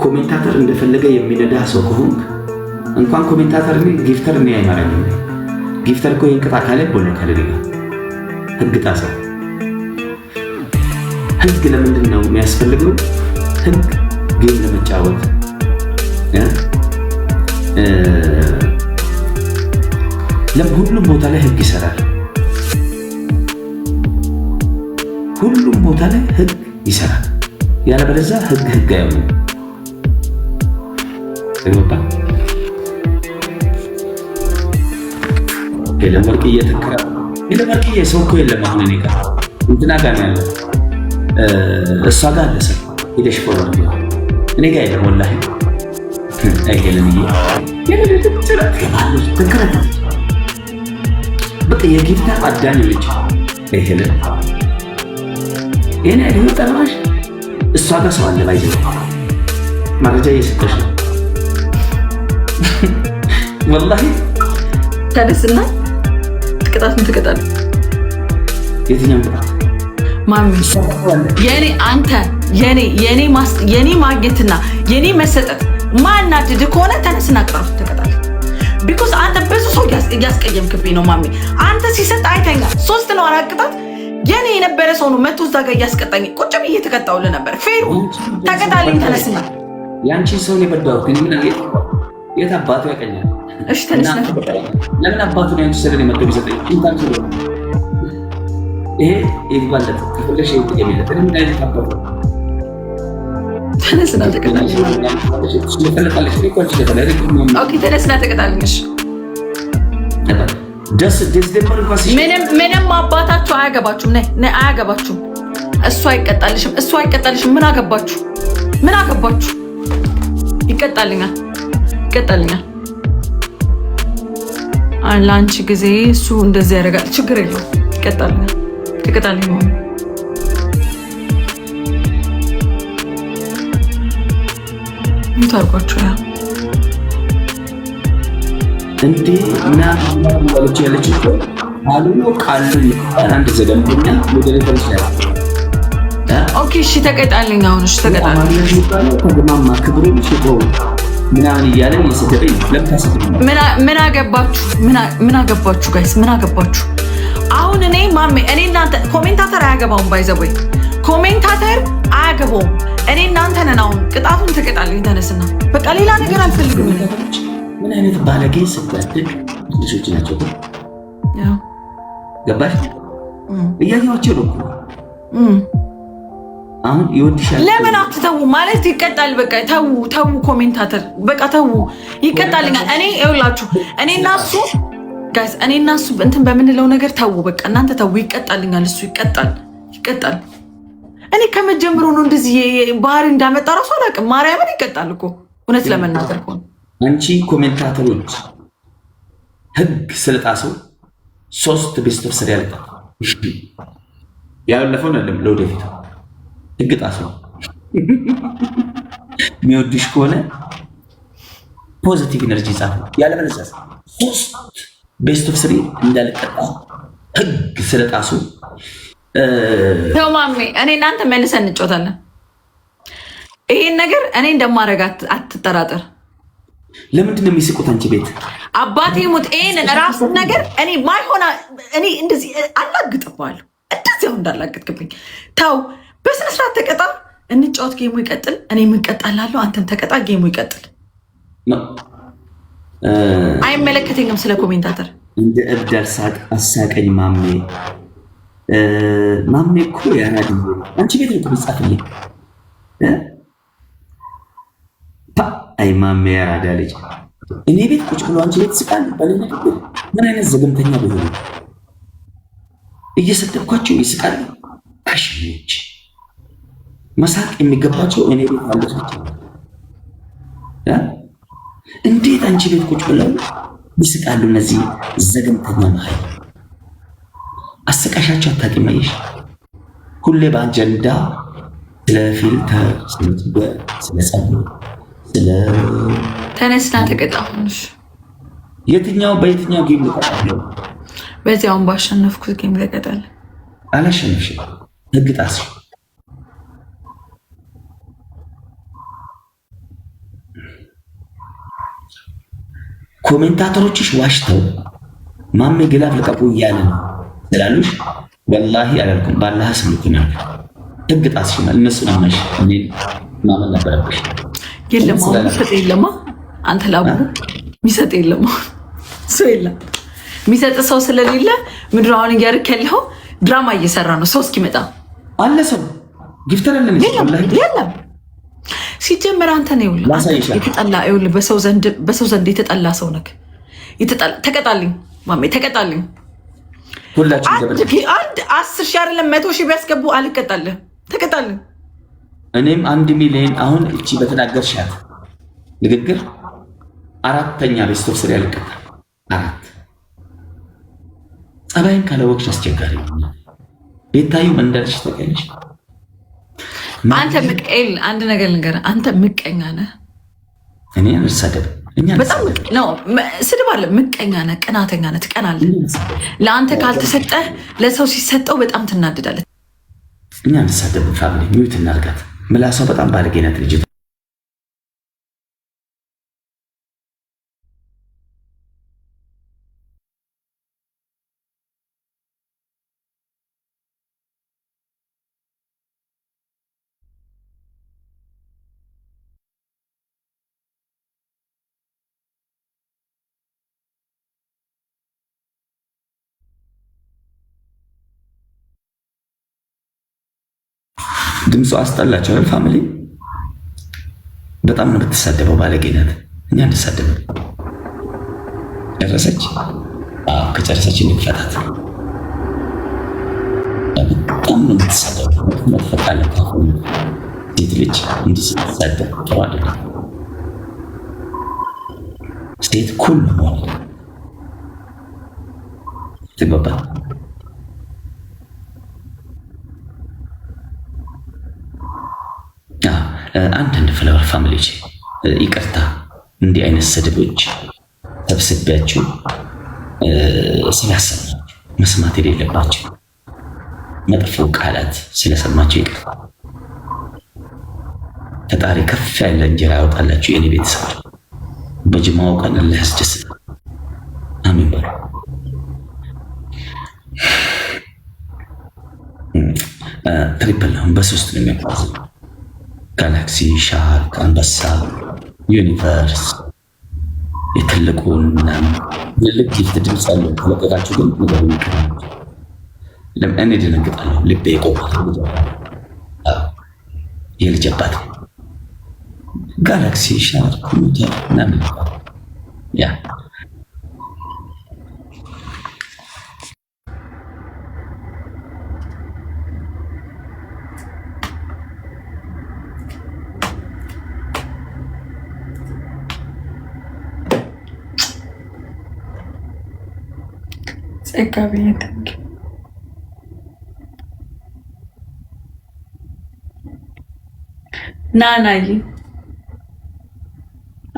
ኮሜንታተር እንደፈለገ የሚነዳ ሰው ከሆንክ እንኳን ኮሜንታተር ጊፍተር እኔ አይመራኝም። ጊፍተር እኮ የእንቅጣ ካለ ቦሎ ካልጋ ህግ ጣሰው። ህግ ለምንድን ነው የሚያስፈልገው? ህግ ግን ለመጫወት ሁሉም ቦታ ላይ ህግ ይሰራል። ሁሉም ቦታ ላይ ህግ ይሰራል። ያለበለዚያ ህግ ህግ አይሆንም። ተግባባ። ሄለን ወርቅዬ ትከራ ሄለን ወርቅዬ ሰው እኮ የለም አሁን እኔ ጋር እንትና ጋር ነው እሷ ጋር አለ ሰው ሄደሽ ፎሎው እኔ ጋር የለም ወላሂ አይ ሄለንዬ በቃ የጌታ አዳኝ ልጅ ሄለን ይህን ያድሆ ጠራሽ እሷ ጋር ሰው አለ ባይዘ መረጃ እየሰጠች ነው። ወላሂ ታደስና ቅጣት ምን ትቀጣለህ? የትኛው ቅጣት? የኔ አንተ የኔ ማግኘትና የኔ መሰጠት ማናድድ ከሆነ ተነስና ቅጣቱ ትቀጣል። ቢኮዝ አንተ ብዙ ሰው እያስቀየምክብኝ ነው ማሚ። አንተ ሲሰጥ አይተኛ ሶስት ነው አራት ቅጣት የኔ የነበረ ሰው ነው መቶ እዛ ጋር እያስቀጣኝ ቁጭ ብዬ ተቀጣውልህ ነበር። ፌሩ ተቀጣልኝ፣ ተነስና ያንቺን ሰውን የበዳሁት ግን ምን ጌት የት አባቱ ያቀኛል። እሺ ተነስና ለምን አባቱን ያንቺ ሰደን የመቶ ቢሰጠኝ ኢንታንሱ ሆ ይሄ ይግባለት ከፈለሽ የሚለት ምን አይነት አባቱ ተነስና ተቀጣልኝ። ተነስና ተቀጣልኝ። ምንም አባታችሁ አያገባችሁም፣ አያገባችሁም። እሱ አይቀጣልሽም፣ እሱ አይቀጣልሽም። ምን አገባችሁ? ምን አገባችሁ? ይቀጣልኛል፣ ይቀጣልኛል። ለአንቺ ጊዜ እሱ እንደዚህ ያደርጋል። ችግር የለውም። ይቀጣልኛል፣ ይቀጣልኛል። ምን ያ እንዴ ምናምን ባለች ያለች አሉሎ ቃሉ አንድ ዘገምተኛ ወደ ይችላል። ኦኬ እሺ፣ ተቀጣልኝ። አሁን እሺ፣ ተቀጣልኝ ከግማማ ክብር ሽቶ ምናምን እያለ የሰደበኝ ለምታሰብ ምን አገባችሁ? ምን አገባችሁ ጋይስ? ምን አገባችሁ? አሁን እኔ ማሜ እኔ እናንተ ኮሜንታተር አያገባውም። ባይዘቦይ ኮሜንታተር አያገባውም። እኔ እናንተ ነን። አሁን ቅጣቱን ተቀጣልኝ። ተነስና በቃ ሌላ ነገር አልፈልግም። ምን አይነት ባለጌ ስታድግ ልጆች ናቸው። ገባሽ? እያየኋቸው ነው። አሁን ይወድሻል። ለምን አትተዉ ማለት ይቀጣል። በቃ ተዉ ተዉ፣ ኮሜንታተር በቃ ተዉ፣ ይቀጣልኛል። እኔ ይኸውላችሁ፣ እኔ እና እሱ ጋይስ፣ እኔ እና እሱ እንትን በምንለው ነገር ተዉ፣ በቃ እናንተ ተዉ፣ ይቀጣልኛል። እሱ ይቀጣል፣ ይቀጣል። እኔ ከመጀመሩ ነው እንደዚህ ባህሪ እንዳመጣ ራሱ አላውቅም። ማርያምን ይቀጣል እኮ እውነት ለመናገር ከሆነ አንቺ ኮሜንታተሮች ህግ ስለጣሰው ሶስት ቤስት ስር ስሪ ያለቃል ያለፈውን አለም ለወደፊት ህግ ጣሰው የሚወድሽ ከሆነ ፖዚቲቭ ኢነርጂ ጻፍ። ያለበለዚያ ሶስት ቤስት ኦፍ ስሪ እንዳልቀጣ ህግ ስለጣሱ ተማሜ እኔ እናንተ መልሰን እንጮታለን። ይህን ነገር እኔ እንደማደርግ አትጠራጠር። ለምንድን ነው የሚስቁት? አንቺ ቤት አባቴ ሙት ይሄንን ራሱን ነገር እኔ ማይሆና እኔ እንደዚህ አላግጥባለሁ። እንደዚህ እንደዚያው እንዳላግጥብኝ ተው፣ ስርዓት ተቀጣ፣ እንጫወት፣ ጌሙ ይቀጥል። እኔ የምንቀጣላለሁ፣ አንተን ተቀጣ፣ ጌሙ ይቀጥል። አይመለከተኝም። ስለ ኮሜንታተር እንደ እብድ አልሳቅ አሳቀኝ። ማሜ ማሜ እኮ ያናድ አንቺ ቤት ነው ሚጻፍልኝ አይማም ያራዳ ልጅ እኔ ቤት ቁጭ ብሎ አንቺ ቤት ስቃል ይባለኝ። ምን አይነት ዘገምተኛ በሆነ እየሰደብኳቸው ይስቃል። ካሽሚዎች መሳቅ የሚገባቸው እኔ ቤት አለ ናቸው። እንዴት አንቺ ቤት ቁጭ ብለው ይስቃሉ? እነዚህ ዘገምተኛ መሀል አሰቃሻቸው አታቂመይሽ ሁሌ በአጀንዳ ስለ ፊልተር ስለ ስለ ጸጉር ተነስና ተቀጣ የትኛው በየትኛው ጌም ልቀጣለሁ? በዚያውም ባሸነፍኩት ጌም ህግ ጣስ ኮሜንታተሮችሽ ዋሽተው ማሜ ግላፍ ልቀቁ እያለ ነው ስላሉሽ ወላሂ አላልኩም። ባላህ ህግ ጣስሽናል። እነሱን እኔን ማመን ነበረብሽ። የለም አሁን የሚሰጥ የለማ። አንተ ላቡ የሚሰጥ የለማ። ሰው የለም የሚሰጥ ሰው ስለሌለ ምድር አሁን እያደረክ ያለው ድራማ እየሰራ ነው። ሰው እስኪመጣ አለ ሰው ሲጀመር አንተ ነው የተጠላ በሰው ዘንድ የተጠላ ሰው ተቀጣልኝ ማሜ ተቀጣልኝ። አንድ አስር ሺህ አይደለም መቶ ሺህ ቢያስገቡ አልቀጣልህም። ተቀጣልኝ እኔም አንድ ሚሊዮን አሁን እቺ በተናገርሻት ንግግር አራተኛ ቤስቶፍ ስር ያልቀታል። አራት ጸባይን ካለወቅሽ አስቸጋሪ ቤታዩ መንደርሽ ተቀልሽ። አንተ ምቀኝ አንድ ነገር ልንገር፣ አንተ ምቀኛ ነህ። እኔ እንሳደብ በጣም ስድብ አለ። ምቀኛ ነህ፣ ቅናተኛ ነህ፣ ትቀናለህ። ለአንተ ካልተሰጠህ ለሰው ሲሰጠው በጣም ትናድዳለህ። እኛ እንሳደብ ፋሚሊ ሚዩት እናርጋት ምላሷ በጣም ባለጌ ናት ድምፁ አስጠላቸዋል። ፋሚሊ በጣም ነው የምትሳደበው፣ ባለጌነት እኛ እንድሳደበ ጨረሰች። ከጨረሰች እንፈታት። በጣም ነው የምትሳደበው። መጥፈቃለ ሴት ልጅ እንድትሳደብ ጥሩ አይደለም። ሴት ኩል ነው ማለት ትግባባት አንዳንድ ፍላወር ፋሚሊዎች ይቅርታ እንዲህ አይነት ስድቦች ሰብስቢያችሁ ስላሰማችሁ መስማት የሌለባቸው መጥፎ ቃላት ስለሰማችሁ ይቅርታ። ፈጣሪ ከፍ ያለ እንጀራ ያወጣላችሁ የኔ ቤተሰብ በጅማው ቀን አላህ ያስደስት። አሚን በሉ። ትሪፕል አሁን በሶስት ነው የሚያቋዘው ጋላክሲ፣ ሻርክ፣ አንበሳ፣ ዩኒቨርስ የትልቁን ምናምን ልልቅ ጊፍት ድምፅ ያለው ከለቀቃችሁ ግን ነገሩ ይቀራል። ለምን ደነግጣለሁ? ልቤ ይቆማል። የልጅ አባት ጋላክሲ፣ ሻርክ፣ ሙተር ምናምን ያ ጸጋ ብያታንኪ ናናዬ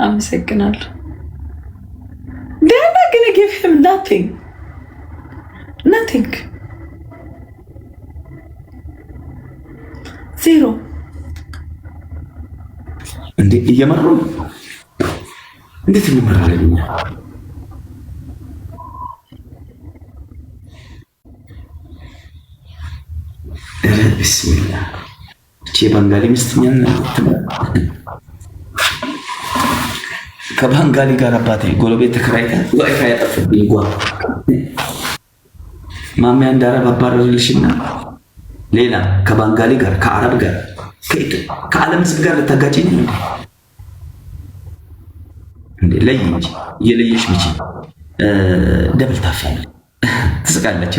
አመሰግናለሁ። ደህና ግን ጊቭ ሂም ናቲንግ ናቲንግ ዜሮ እንዴ እየመሩ እንዴት እንመራለን? የባንጋሊ ሚስትኛን ከባንጋሊ ጋር አባቴ ጎረቤት ተከራይታ ዋይፋይ ያጠፍብኝ ጓ ማሚያ እንደ አረብ አባረርልሽና ሌላ ከባንጋሊ ጋር ከአረብ ጋር ከዓለም ሕዝብ ጋር ልታጋጭኝ እንዴ? እንዴ ለይ እንጂ የለየሽ ብቻ ደብል ታፊያለሽ። ትስቃለች።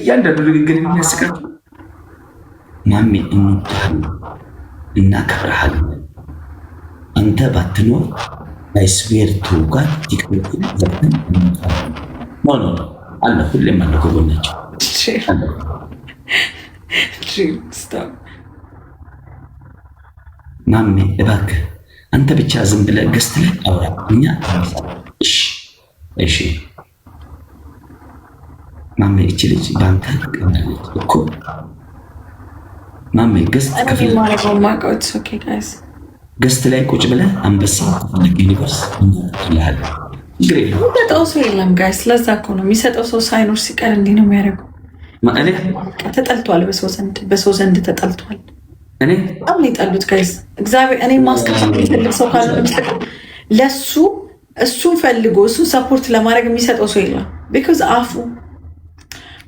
እያንዳንዱ ንግግር የሚያስቃቸው ማሜ እንወድሃለን፣ እናከብረሃለን። አንተ ባትኖር አይስዌር ትውጋት ቲክቶክን ዘግተን እንወጣለን። ኖ ኖ አለ ሁሌም አለ ጎጎናቸው ማሜ እባክህ አንተ ብቻ ዝም ብለህ ገስት ላይ አውራ፣ እኛ እሺ እሺ። ማሜ እቺ ልጅ በአንተ ቀናለች እኮ ማሜ ገስት ከፍለ ገስት ላይ ቁጭ ብለህ አንበሳ ከፈለግ ዩኒቨርስ ይልል የሚሰጠው ሰው የለም ጋይስ። ለዛ እኮ ነው የሚሰጠው ሰው ሳይኖር ሲቀር እንዲህ ነው የሚያደርገው። ተጠልቷል፣ በሰው ዘንድ በሰው ዘንድ ተጠልቷል። እኔ በጣም ነው ጋይስ። እግዚአብሔር እኔ ማስከፋት የሚፈልግ ሰው ካለ ለሱ ለእሱ እሱን ፈልጎ እሱን ሰፖርት ለማድረግ የሚሰጠው ሰው የለም። ቢካዝ አፉ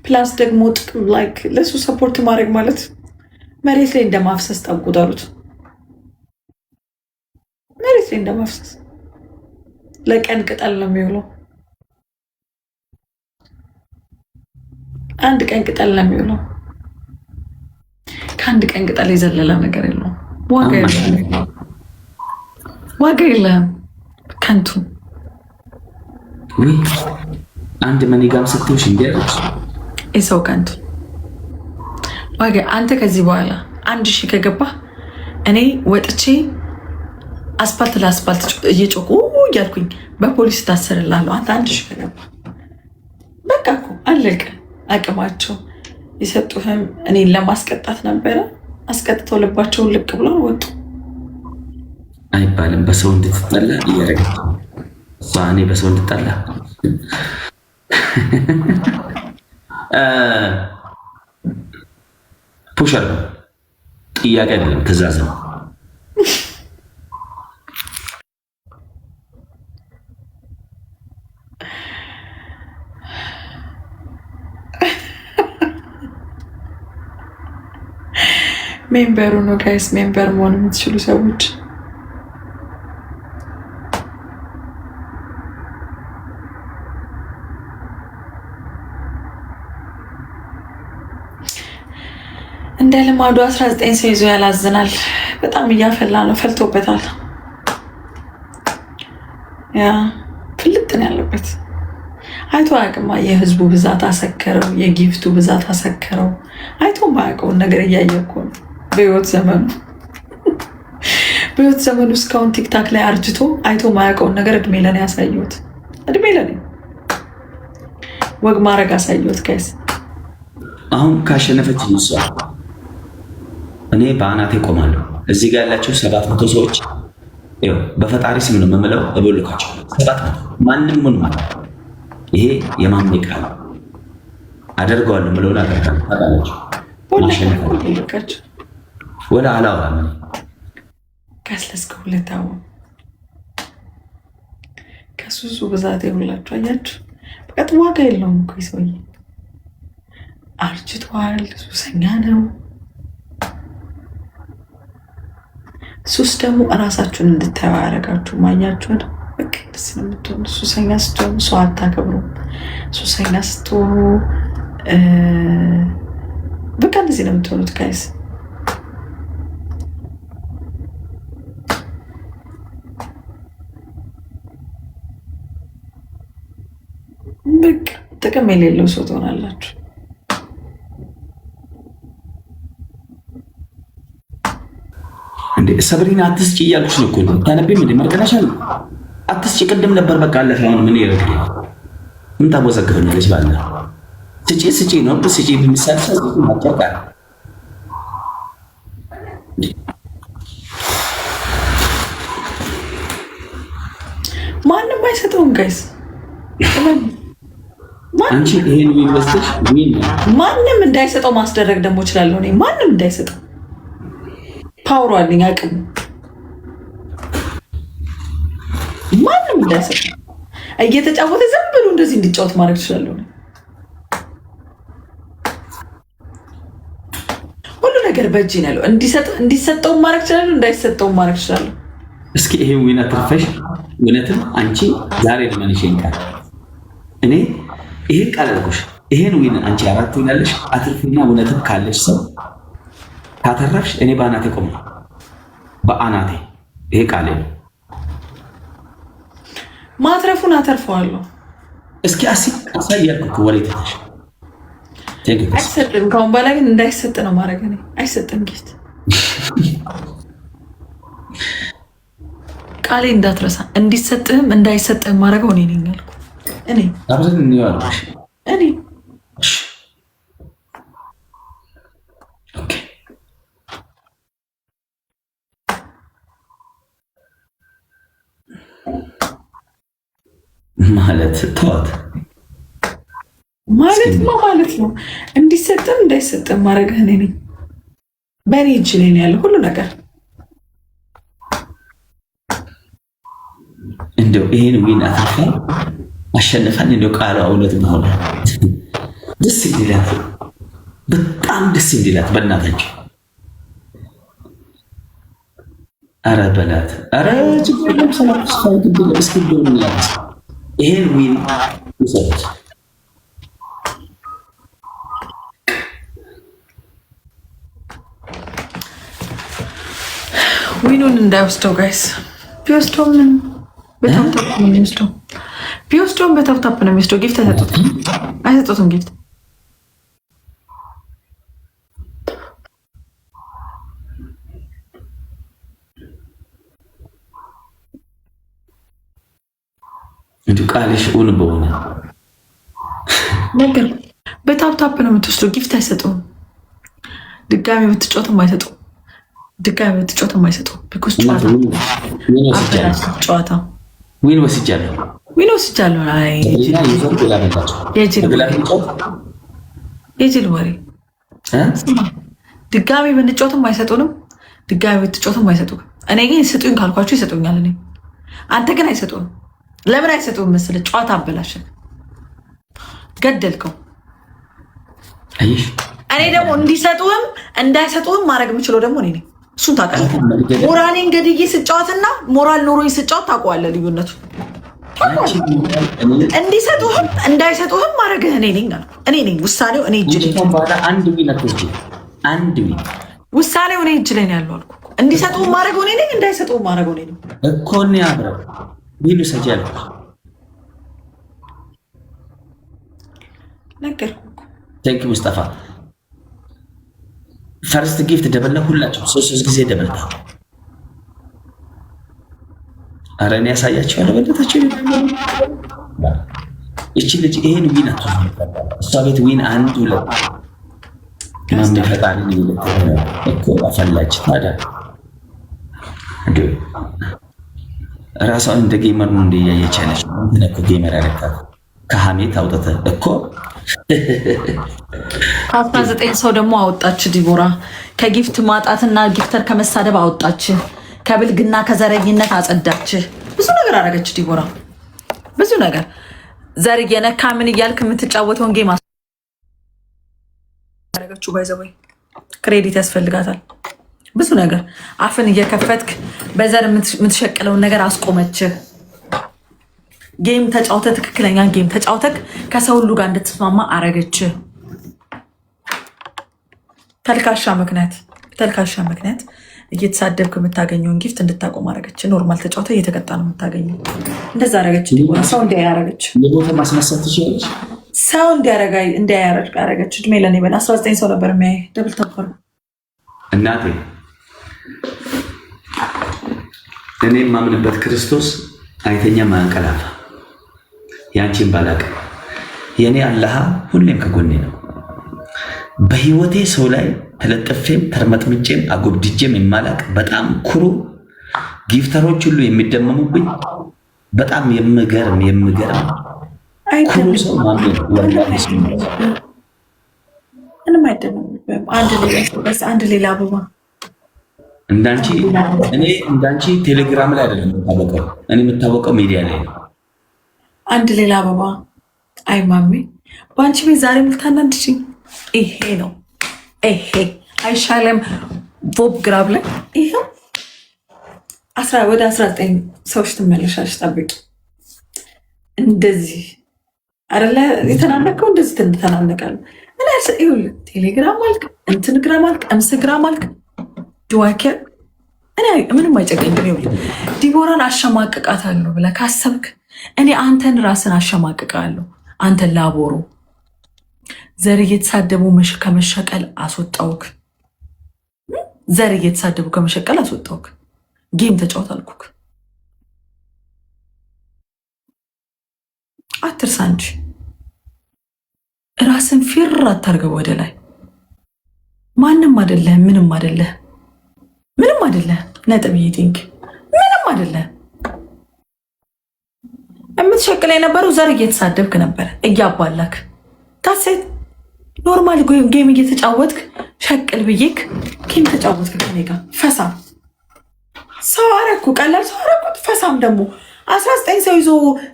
ፕላስ ደግሞ ጥቅም ላይክ ለእሱ ሰፖርት ማድረግ ማለት መሬት ላይ እንደማፍሰስ ጠቁጠሩት። መሬት ላይ እንደማፍሰስ ለቀን ቅጠል ነው የሚውለው። አንድ ቀን ቅጠል ነው የሚውለው። ከአንድ ቀን ቅጠል የዘለለ ነገር የለውም። ዋጋ የለም። ከንቱ አንድ መኔጋም ስትሽ እንዲ የሰው ከንቱ ባገ አንተ ከዚህ በኋላ አንድ ሺህ ከገባ እኔ ወጥቼ አስፓልት ለአስፓልት እየጮቁ እያልኩኝ በፖሊስ ታሰርላለሁ። አንተ አንድ ሺህ ከገባ በቃ እኮ አለቀ። አቅማቸው የሰጡህም እኔን ለማስቀጣት ነበረ። አስቀጥተው ልባቸውን ልቅ ብሎ ወጡ አይባልም። በሰው እንድትጠላ እያረገ እኔ በሰው እንድጠላ ፑሸር ነው፣ ጥያቄ አይደለም፣ ትእዛዝ ነው። ሜምበሩ ነው ጋይስ። ሜምበር መሆን የምትችሉ ሰዎች እንደ ልማዱ 19 ሰው ይዞ ያላዝናል። በጣም እያፈላ ነው፣ ፈልቶበታል። ያ ፍልጥን ያለበት አይቶ አያውቅማ። የህዝቡ ብዛት አሰከረው፣ የጊፍቱ ብዛት አሰከረው። አይቶ ማያውቀውን ነገር እያየ እኮ ነው በህይወት ዘመኑ በህይወት ዘመኑ እስካሁን ቲክታክ ላይ አርጅቶ አይቶ ማያውቀውን ነገር እድሜ ለን ያሳየሁት፣ እድሜ ለን ወግ ማድረግ አሳየሁት። ከስ አሁን ካሸነፈች ይመስላል እኔ በአናቴ ቆማለሁ። እዚህ ጋር ያላቸው ሰባት መቶ ሰዎች በፈጣሪ ስም ነው የምምለው፣ እበልካቸው ሰባት መቶ ማንም ምን ማለት ይሄ የማምኔ ቃል አደርገዋለሁ ምለውን አደርጋለሁ። ወደ አላዋ ከስለስከ ሁለታው ከሱሱ ብዛት የሁላችሁ አያችሁ። በቀጥ ዋጋ የለውም እኮ ሰውዬ አርጅቷል፣ ሱሰኛ ነው። ሱስ ደግሞ እራሳችሁን እንድታዩ ያደረጋችሁ ማያችሁን ምትሆኑ ነው የምትሆኑ። ሱሰኛ ስትሆኑ ሰው አታከብሩም። ሱሰኛ ስትሆኑ በቃ እንደዚህ ነው የምትሆኑት ጋይስ። በቃ ጥቅም የሌለው ሰው ትሆናላችሁ። እንዴ ሰብሪና አትስጭ እያልኩሽ ነው እኮ ታነቢም እንዴ መርቀናሻል አትስጭ ቅድም ነበር በቃ አለፈ አሁን ምን ይረግ ምን ታወዘግበኛለች ባለ ስጪ ስጪ ነው ስጪ የሚሳሳ ማጠቃል ማንም አይሰጠውም ጋይስ አንቺ ይሄን ዩኒቨርስቲ ማንም እንዳይሰጠው ማስደረግ ደግሞ እችላለሁ እኔ ማንም እንዳይሰጠው ፓወሩ አለኝ አቅም ማንም እንዳሰ እየተጫወተ ዝም ብሎ እንደዚህ እንዲጫወት ማድረግ ትችላለሁ። ሁሉ ነገር በእጅ ነው ያለው። እንዲሰጠው ማድረግ ትችላለሁ፣ እንዳይሰጠው ማድረግ ትችላለሁ። እስኪ ይሄ ዊና ትርፈሽ እውነትም አንቺ ዛሬ ልመንሽ ቃል እኔ ይሄን ቃል አልኩሽ። ይሄን ዊና አንቺ አራት ዊናለሽ አትርፊና እውነትም ካለሽ ሰው ካተረፍሽ እኔ በአናቴ ቆም ነው በአናቴ ይሄ ቃሌ ነው። ማትረፉን አተርፈዋለሁ። እስኪ አሳያልኩ ወሬ ትተሽ አይሰጥም። ከአሁን በኋላ ግን እንዳይሰጥ ነው ማድረግ እኔ አይሰጥም። ጊፍት ቃሌ እንዳትረሳ እንዲሰጥህም እንዳይሰጥህም ማድረገው እኔ ነኝ ያልኩ እኔ ማለት ተዋት ማለት ነው ማለት ነው። እንዲሰጥም እንዳይሰጥም ማድረግህ እኔ ነኝ። በእኔ እጅ ላይ ያለ ሁሉ ነገር። እንደው ይሄን ዊን አታፋ አሸንፋን እንደው ቃሉ እውነት መሆነ ደስ እንዲላት በጣም ደስ እንዲላት በእናታቸው አረ በላት አረ ችግር ሰላ ስፋ ግድ እስኪ ምን ያለ ይሄን ዊን ውሰድ። ዊኑን እንዳይወስደው ጋይስ። ቢወስደው ምን በታፕታፕ ነው የሚወስደው። ቢወስደውም በታፕታፕ ነው የሚወስደው። ጊፍት አይሰጡትም አይሰጡትም ጊፍት እንዲ ቃልሽ እውን በሆነ ነገር በታፕታፕ ነው የምትወስደው። ጊፍት አይሰጡም። ድጋሚ ብትጫወትም አይሰጡም። ድጋሚ ብትጫወትም አይሰጡም። ቢኮዝ ጨዋታ ጨዋታ ዊን ወስጃለሁ፣ ዊን ወስጃለሁ። የጅል ወሬ ድጋሚ ብንጫወትም አይሰጡንም። ድጋሚ ብትጫወትም አይሰጡም። እኔ ግን ስጡኝ ካልኳቸው ይሰጡኛል። እኔ አንተ ግን አይሰጡንም። ለምን አይሰጡም መሰለህ? ጨዋታ አበላሸን፣ ገደልከው። እኔ ደግሞ እንዲሰጡም እንዳይሰጡም ማድረግ የምችለው ደግሞ እኔ ነኝ። እሱን ታውቃለህ። ሞራሌ እንገድዬ ስጫወትና ሞራል ኖሮኝ ስጫወት ታውቀዋለህ ልዩነቱ። እንዲሰጡህም እንዳይሰጡህም ማድረግ እኔ ነኝ አልኩህ። እኔ ነኝ ውሳኔው፣ እኔ እጅ ላይ ውሳኔው እኔ እጅ ላይ ነው ያለው አልኩ። እንዲሰጡህም ማድረግ እኔ ነኝ፣ እንዳይሰጡህም ማድረግ እኔ ነኝ እኮ ቢሉ ሰጃል ነገርኩ ሙስጠፋ ፈርስት ጊፍት ደበላ ሁላቸው ሶስት ሶስት ጊዜ ደበልታ አረ እኔ ያሳያቸው ያለበለታቸው እቺ ልጅ ይሄን ዊን እሷ ቤት ዊን አንድ ሁለት ማሜ ፈጣሪ እኮ አፈላች ታዲያ ራሷን እንደ ጌመር ነው እንደ እያየች ያለች እኮ ጌመር ያለካት ከሀሜት አውጥተህ እኮ ከአስራ ዘጠኝ ሰው ደግሞ አወጣች ዲቦራ ከጊፍት ማጣትና ጊፍተር ከመሳደብ አወጣች ከብልግና ከዘረኝነት አጸዳች ብዙ ነገር አረገች ዲቦራ ብዙ ነገር ዘር የነካ ምን እያልክ የምትጫወተውን ጌም አደረገችው ባይዘወይ ክሬዲት ያስፈልጋታል ብዙ ነገር አፍን እየከፈትክ በዘር የምትሸቅለውን ነገር አስቆመችህ። ጌም ተጫውተ ትክክለኛ ጌም ተጫውተክ ከሰው ሁሉ ጋር እንድትስማማ አረገች። ተልካሻ ምክንያት ተልካሻ ምክንያት እየተሳደብክ የምታገኘውን ጊፍት እንድታቆም አረገች። ኖርማል ተጫውተ እየተቀጣ ነው የምታገኘው። እንደዛ አረገች። ሰው እንዲያይ አረገች። ሰው እንዲያረጋ እንዲያይ አረገች። እድሜ ለኔ በል አስራ ዘጠኝ ሰው ነበር የሚያይ ደብል ተኮር እናቴ እኔ የማምንበት ክርስቶስ አይተኛ ማንቀላፋ ያንቺን ባላቅ የእኔ አላህ ሁሌም ከጎኔ ነው። በህይወቴ ሰው ላይ ተለጥፌም ተርመጥምጬም አጎብድጄም የማላቅ በጣም ኩሩ ጊፍተሮች ሁሉ የሚደመሙብኝ በጣም የምገርም የምገርም ኩሩ ሰው አይደለም። አንድ ሌላ አበባ እንዳንቺ እኔ እንዳንቺ ቴሌግራም ላይ አይደለም የምታወቀው፣ እኔ የምታወቀው ሚዲያ ላይ ነው። አንድ ሌላ አበባ አይ ማሜ፣ በአንቺ ቤት ዛሬ ምልታናንድሽ ይሄ ነው። ይሄ አይሻለም? ቦብ ግራብ ላይ ይሄው ወደ አስራ ዘጠኝ ሰዎች ትመለሻለሽ፣ ጠብቂ። እንደዚህ አደለ የተናነቀው፣ እንደዚህ ትንተናነቃሉ። ቴሌግራም አልክ፣ እንትን ግራም አልክ፣ እምስ ግራም አልክ ድዋኪያ እኔ ምንም አይጨቀኝ ዲቦራን አሸማቅቃታለሁ ብለህ ካሰብክ እኔ አንተን ራስን አሸማቅቃለሁ። አንተን ላቦሮ ዘር እየተሳደቡ ከመሸቀል አስወጣውክ። ዘር እየተሳደቡ ከመሸቀል አስወጣውክ። ጌም ተጫወት አልኩክ። አትርሳ እንጂ ራስን ፊር አታርገብ ወደ ላይ። ማንም አይደለህም፣ ምንም አይደለህም። ምንም አይደለ። ነጥብ ቲንክ ምንም አይደለ። የምትሸቅለ የነበረው ዘር እየተሳደብክ ነበረ፣ እያባላክ ታሴት ኖርማል ጌም እየተጫወትክ ሸቅል ብዬክ ጌም ተጫወትክ ከኔ ጋር ፈሳም ሰው አረኩ፣ ቀላል ሰው አረኩ። ፈሳም ደግሞ አስራ ዘጠኝ ሰው ይዞ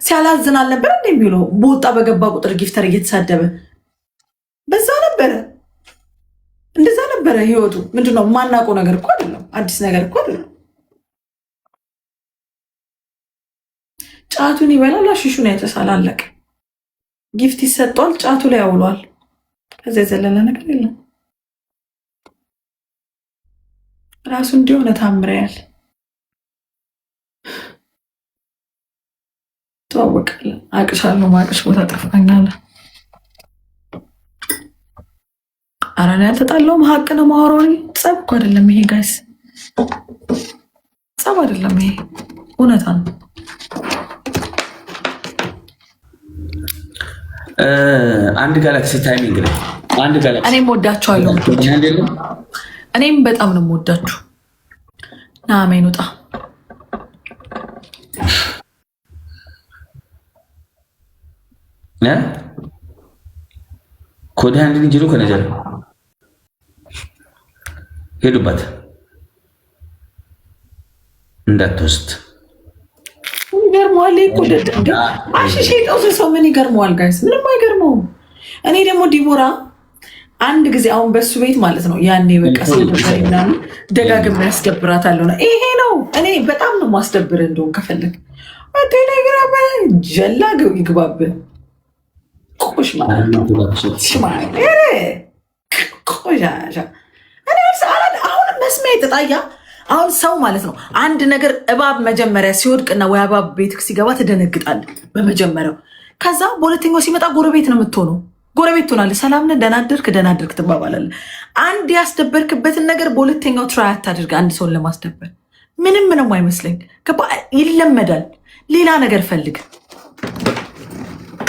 ሲያላዝን አልነበረ እንደ የሚለው በወጣ በገባ ቁጥር ጊፍተር እየተሳደበ በዛ ነበረ፣ እንደዛ ነበረ ህይወቱ። ምንድነው? ማናውቀው ነገር እኮ አዲስ ነገር እኮ አይደለም። ጫቱን ይበላል፣ አሽሹን ያጨሳል፣ አለቀ። ጊፍት ይሰጠዋል፣ ጫቱ ላይ አውሏል። ከዚያ የዘለለ ነገር የለም። ራሱ እንዲሆነ ታምረ ያል ተዋወቃለን። አቅሻለሁ፣ ማቅሽ ቦታ ጠፋኛለ። አረ እኔ አልተጣለውም፣ ሀቅ ነው ማወራው። ጸብ እኮ አይደለም ይሄ ጋይስ ጸብ አይደለም፣ ይሄ እውነታ ነው። አንድ ጋላክሲ ታይሚንግ ነው። አንድ ጋላክሲ እኔም ወዳችኋለሁ። እኔም በጣም ነው የምወዳችሁ። ናሜን ውጣ ኮዲ አንድ ልጅ ነው ከነጀር ሄዱበት እንዳትወስድ ይገርመዋል እኮ አሽሽ ሰው ምን ይገርመዋል? ጋይስ ምንም አይገርመውም። እኔ ደግሞ ዲቦራ አንድ ጊዜ አሁን በሱ ቤት ማለት ነው ያኔ በቃ ሰውና ደጋግሜ ያስደብራታለሁ። ይሄ ነው እኔ በጣም ነው ማስደብር። እንደውም ከፈለግ ቴሌግራም ጀላ ይግባብ ቆሽ ማለት ነው ቆሻሻ አሁን መስሚያ የጠጣያ አሁን ሰው ማለት ነው አንድ ነገር እባብ መጀመሪያ ሲወድቅና ወይ እባብ ቤት ሲገባ ትደነግጣል በመጀመሪያው። ከዛ በሁለተኛው ሲመጣ ጎረቤት ነው የምትሆነው። ጎረቤት ትሆናለህ። ሰላም ነህ፣ ደህና አደርክ፣ ደህና አደርክ ትባባላለህ። አንድ ያስደበርክበትን ነገር በሁለተኛው ትራይ አታድርግ። አንድ ሰውን ለማስደበር ምንም ምንም አይመስለኝ። ይለመዳል። ሌላ ነገር ፈልግ፣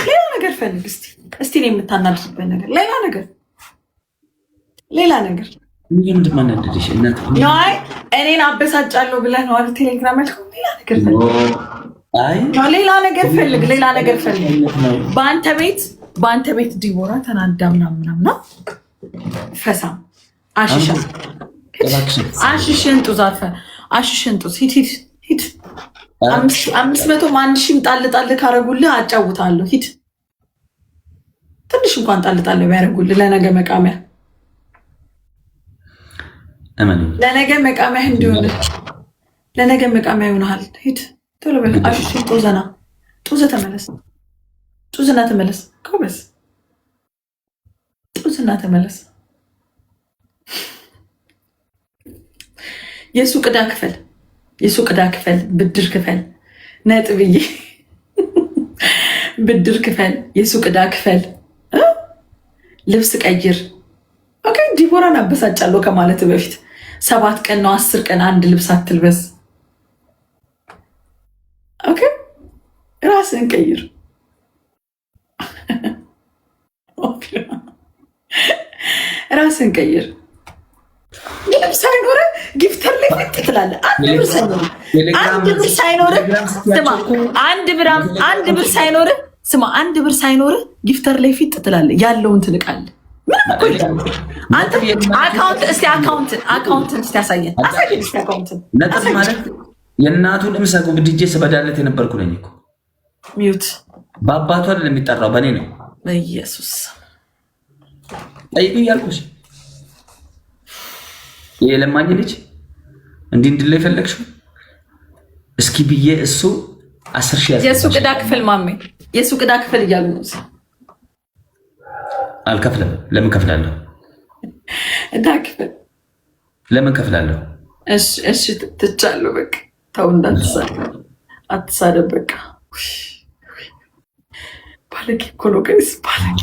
ሌላ ነገር ፈልግ። እስቲ እስቲ የምታናድርበት ነገር ሌላ ነገር ሌላ ነገር ምንድን እኔን አበሳጫለሁ ብለህ ነው አይደል? ቴሌግራም ሌላ ነገር ፈልግ፣ ሌላ ነገር ፈልግ። በአንተ ቤት በአንተ ቤት ዲቦራ ተናዳ ምናምን ፈሳም አሽሻ አሽሽን አሽሽን ሂድ ሂድ ሂድ። አምስት መቶ አንድ ሺህም ጣል ጣል ካረጉልህ አጫውታለሁ። ሂድ ትንሽ እንኳን ጣል ጣል ቢያደርጉልህ ለነገ መቃሚያ ለነገ መቃሚያ እንዲሆን ለነገ መቃሚያ ይሆናል። ሂድ ቶሎ በል አሽሽ። ጦዘና ጦዘ ተመለስ፣ ጦዘና ተመለስ፣ ጎበዝ ጦዘና ተመለስ። የሱ ቅዳ ክፈል፣ የሱ ቅዳ ክፈል፣ ብድር ክፈል፣ ነጥብዬ ብድር ክፈል፣ የሱ ቅዳ ክፈል፣ ልብስ ቀይር። ኦኬ ዲቦራን አበሳጫለሁ ከማለት በፊት ሰባት ቀን ነው አስር ቀን አንድ ልብስ አትልበስ። ኦኬ ራስን ቀይር። ራስን ቀይር። ምንም ሳይኖረ ጊፍተር ላይ ፍጥ ትላለ። አንድ ብር ሳይኖረ አንድ ብር ሳይኖረ ስማ፣ አንድ ብር ሳይኖረ ስማ፣ አንድ ብር ሳይኖረ ጊፍተር ላይ ፊጥ ትላለ። ያለውን ትንቃለ ነጥብ ማለት የእናቱን እምሰጎ ግድጄ ስበዳለት የነበርኩ ነኝ እኮ ሚዩት በአባቷ አይደለም የሚጠራው በእኔ ነው። በኢየሱስ ጠይቁ እያልኩሽ የለማኝ ልጅ እንዲህ እንድለ የፈለግሽው እስኪ ብዬ እሱ አስር ሺህ ቅዳ ክፍል ማሜ የሱ ቅዳ ክፍል እያሉ ነው አልከፍልም። ለምን ከፍላለሁ? ለምን ከፍላለሁ? እሺ ትቻለሁ። በቃ ተው፣ አትሳደብ። በቃ ባለጌ እኮ ነው ጋይስ፣ ባለጌ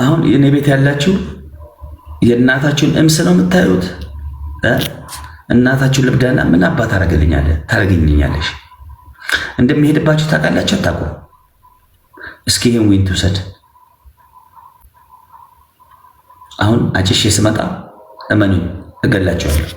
አሁን እኔ ቤት ያላችሁ የእናታችሁን እምስ ነው የምታዩት። እናታችሁን ልብዳና ምን አባ ታረገኝኛለሽ? እንደሚሄድባችሁ ታውቃላችሁ አታውቁ? እስኪ ይህን ዊን ትውሰድ። አሁን አጭሼ ስመጣ እመኑኝ እገላችኋለሁ።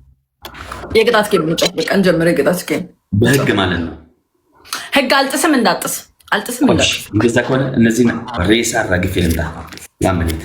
የቅጣት ጌም እንጫወት። በቃ እንጀምር። የቅጣት ጌም በህግ ማለት ነው። ህግ አልጥስም እንዳጥስ አልጥስም እንዳጥስ። እንደዛ ከሆነ እነዚህ ሬሳ አራግፌ ልምጣ ያምኔት